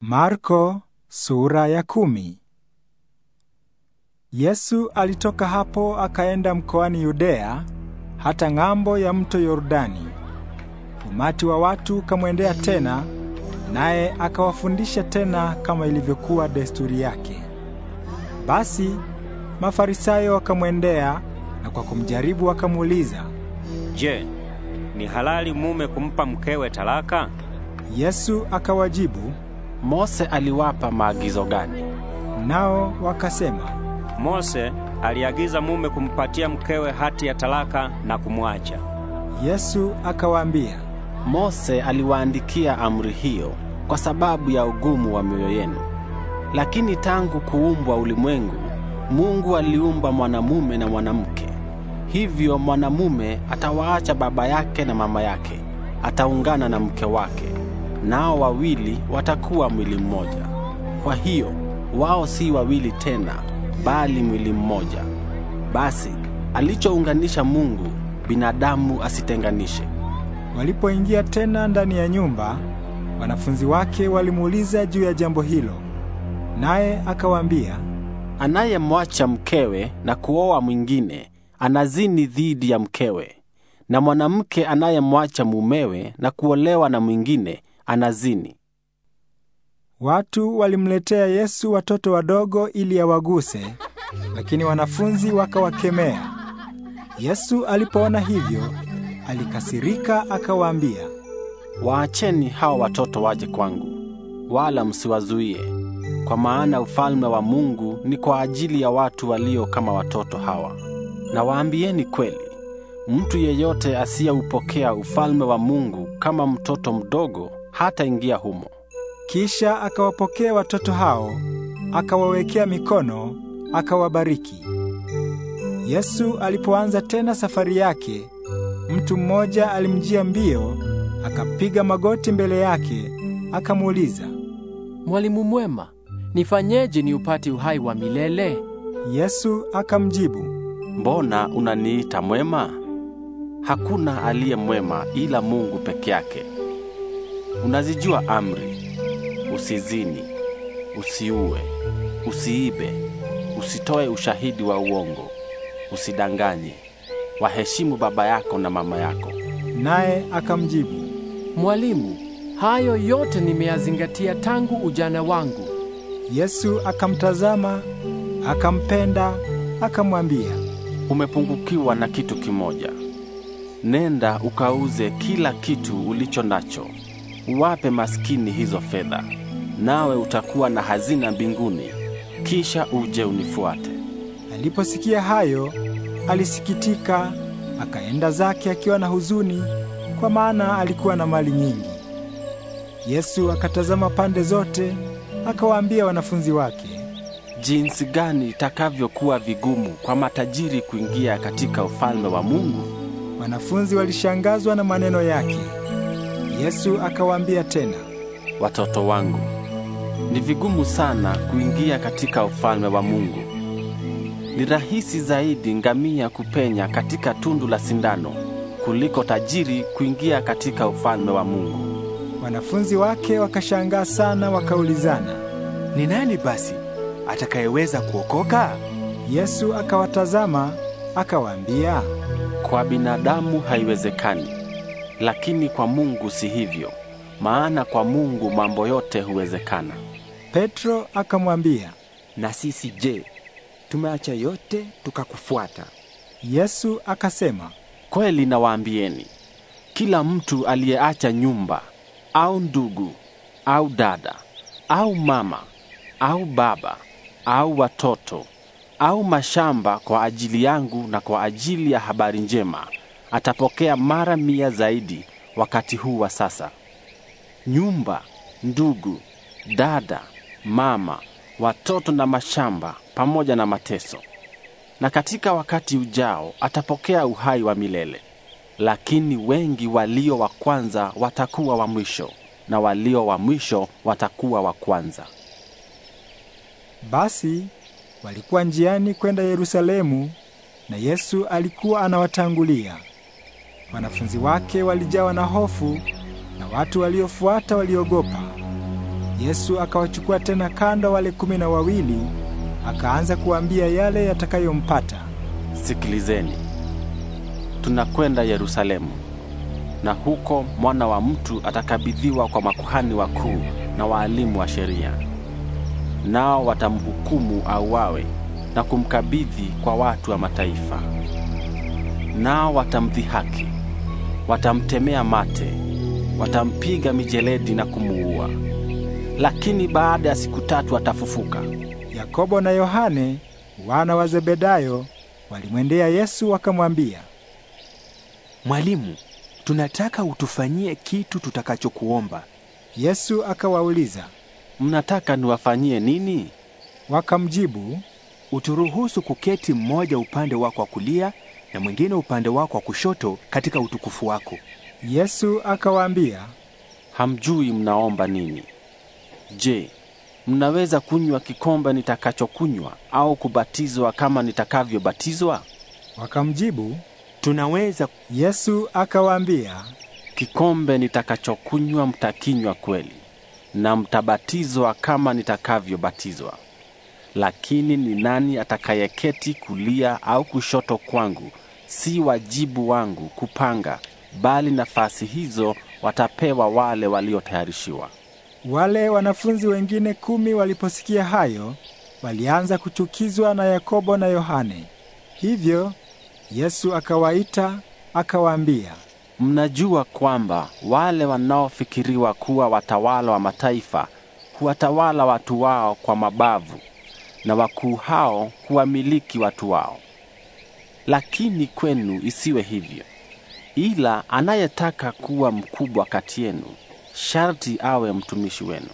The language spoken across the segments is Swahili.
Marko sura ya kumi. Yesu alitoka hapo akaenda mkoani Yudea hata ng'ambo ya mto Yordani. Umati wa watu ukamwendea tena, naye akawafundisha tena kama ilivyokuwa desturi yake. Basi Mafarisayo wakamwendea na kwa kumjaribu wakamuuliza, "Je, ni halali mume kumpa mkewe talaka?" Yesu akawajibu, Mose aliwapa maagizo gani? Nao wakasema, Mose aliagiza mume kumpatia mkewe hati ya talaka na kumwacha. Yesu akawaambia, Mose aliwaandikia amri hiyo kwa sababu ya ugumu wa mioyo yenu. Lakini tangu kuumbwa ulimwengu, Mungu aliumba mwanamume na mwanamke. Hivyo mwanamume atawaacha baba yake na mama yake, ataungana na mke wake nao wawili watakuwa mwili mmoja. Kwa hiyo wao si wawili tena, bali mwili mmoja. Basi alichounganisha Mungu, binadamu asitenganishe. Walipoingia tena ndani ya nyumba, wanafunzi wake walimuuliza juu ya jambo hilo, naye akawaambia, anayemwacha mkewe na kuoa mwingine anazini dhidi ya mkewe, na mwanamke anayemwacha mumewe na kuolewa na mwingine anazini. Watu walimletea Yesu watoto wadogo ili awaguse, lakini wanafunzi wakawakemea. Yesu alipoona hivyo, alikasirika akawaambia, Waacheni hawa watoto waje kwangu, wala msiwazuie, kwa maana ufalme wa Mungu ni kwa ajili ya watu walio kama watoto hawa. Na waambieni kweli, mtu yeyote asiyeupokea ufalme wa Mungu kama mtoto mdogo hataingia humo. Kisha akawapokea watoto hao, akawawekea mikono, akawabariki. Yesu alipoanza tena safari yake, mtu mmoja alimjia mbio, akapiga magoti mbele yake, akamuuliza, Mwalimu mwema, nifanyeje niupate uhai wa milele? Yesu akamjibu, Mbona unaniita mwema? Hakuna aliye mwema ila Mungu peke yake. Unazijua amri: usizini, usiue, usiibe, usitoe ushahidi wa uongo, usidanganye, waheshimu baba yako na mama yako. Naye akamjibu, Mwalimu, hayo yote nimeyazingatia tangu ujana wangu. Yesu akamtazama, akampenda, akamwambia, umepungukiwa na kitu kimoja. Nenda ukauze kila kitu ulicho nacho uwape maskini hizo fedha, nawe utakuwa na hazina mbinguni, kisha uje unifuate. Aliposikia hayo, alisikitika, akaenda zake akiwa na huzuni, kwa maana alikuwa na mali nyingi. Yesu akatazama pande zote, akawaambia wanafunzi wake, jinsi gani itakavyokuwa vigumu kwa matajiri kuingia katika ufalme wa Mungu. Wanafunzi walishangazwa na maneno yake. Yesu akawaambia tena, watoto wangu, ni vigumu sana kuingia katika ufalme wa Mungu. Ni rahisi zaidi ngamia kupenya katika tundu la sindano kuliko tajiri kuingia katika ufalme wa Mungu. Wanafunzi wake wakashangaa sana, wakaulizana, ni nani basi atakayeweza kuokoka? Yesu akawatazama, akawaambia, kwa binadamu haiwezekani lakini kwa Mungu si hivyo, maana kwa Mungu mambo yote huwezekana. Petro akamwambia, na sisi je, tumeacha yote tukakufuata? Yesu akasema, kweli nawaambieni, kila mtu aliyeacha nyumba au ndugu au dada au mama au baba au watoto au mashamba kwa ajili yangu na kwa ajili ya habari njema atapokea mara mia zaidi wakati huu wa sasa. Nyumba, ndugu, dada, mama, watoto na mashamba pamoja na mateso. Na katika wakati ujao atapokea uhai wa milele. Lakini wengi walio wa kwanza watakuwa wa mwisho na walio wa mwisho watakuwa wa kwanza. Basi walikuwa njiani kwenda Yerusalemu na Yesu alikuwa anawatangulia. Wanafunzi wake walijawa na hofu na watu waliofuata waliogopa. Yesu akawachukua tena kando wale kumi na wawili, akaanza kuambia yale yatakayompata. Sikilizeni, tunakwenda Yerusalemu, na huko mwana wa mtu atakabidhiwa kwa makuhani wakuu na waalimu wa sheria, nao watamhukumu auawe na kumkabidhi kwa watu wa mataifa, nao watamdhihaki watamtemea mate, watampiga mijeledi na kumuua, lakini baada ya siku tatu atafufuka. Yakobo na Yohane wana wa Zebedayo walimwendea Yesu wakamwambia, Mwalimu, tunataka utufanyie kitu tutakachokuomba. Yesu akawauliza, mnataka niwafanyie nini? Wakamjibu, uturuhusu kuketi mmoja upande wako wa kulia na mwingine upande wako wa kushoto katika utukufu wako. Yesu akawaambia, hamjui mnaomba nini. Je, mnaweza kunywa kikombe nitakachokunywa au kubatizwa kama nitakavyobatizwa? Wakamjibu, tunaweza. Yesu akawaambia, kikombe nitakachokunywa mtakinywa kweli na mtabatizwa kama nitakavyobatizwa, lakini ni nani atakayeketi kulia au kushoto kwangu si wajibu wangu kupanga, bali nafasi hizo watapewa wale waliotayarishiwa. Wale wanafunzi wengine kumi waliposikia hayo, walianza kuchukizwa na Yakobo na Yohane. Hivyo Yesu akawaita akawaambia, mnajua kwamba wale wanaofikiriwa kuwa watawala wa mataifa huwatawala watu wao kwa mabavu, na wakuu hao huwamiliki watu wao lakini kwenu isiwe hivyo. Ila anayetaka kuwa mkubwa kati yenu sharti awe mtumishi wenu.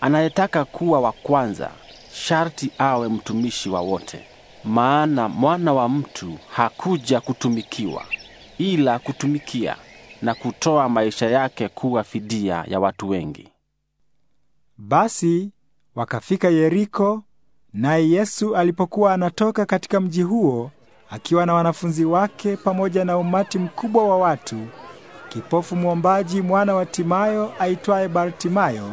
Anayetaka kuwa wa kwanza sharti awe mtumishi wa wote. Maana mwana wa mtu hakuja kutumikiwa, ila kutumikia na kutoa maisha yake kuwa fidia ya watu wengi. Basi wakafika Yeriko, naye Yesu alipokuwa anatoka katika mji huo, akiwa na wanafunzi wake pamoja na umati mkubwa wa watu, kipofu mwombaji mwana wa Timayo aitwaye Bartimayo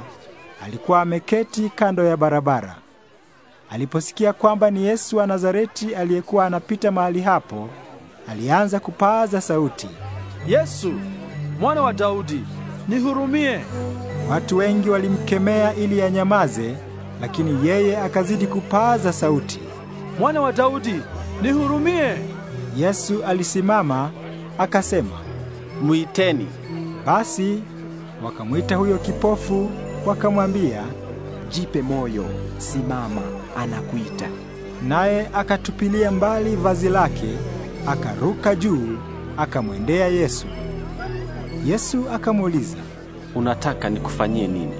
alikuwa ameketi kando ya barabara. Aliposikia kwamba ni Yesu wa Nazareti aliyekuwa anapita mahali hapo, alianza kupaaza sauti, Yesu mwana wa Daudi, nihurumie. Watu wengi walimkemea ili anyamaze, lakini yeye akazidi kupaaza sauti, mwana wa Daudi, nihurumie. Yesu alisimama akasema, mwiteni. Basi wakamwita huyo kipofu, wakamwambia, jipe moyo, simama, anakuita. Naye akatupilia mbali vazi lake, akaruka juu, akamwendea Yesu. Yesu akamuuliza, unataka nikufanyie nini?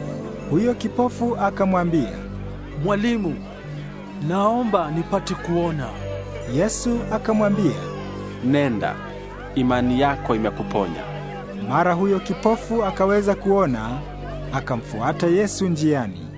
Huyo kipofu akamwambia, Mwalimu, naomba nipate kuona. Yesu akamwambia, nenda, imani yako imekuponya. Mara huyo kipofu akaweza kuona, akamfuata Yesu njiani.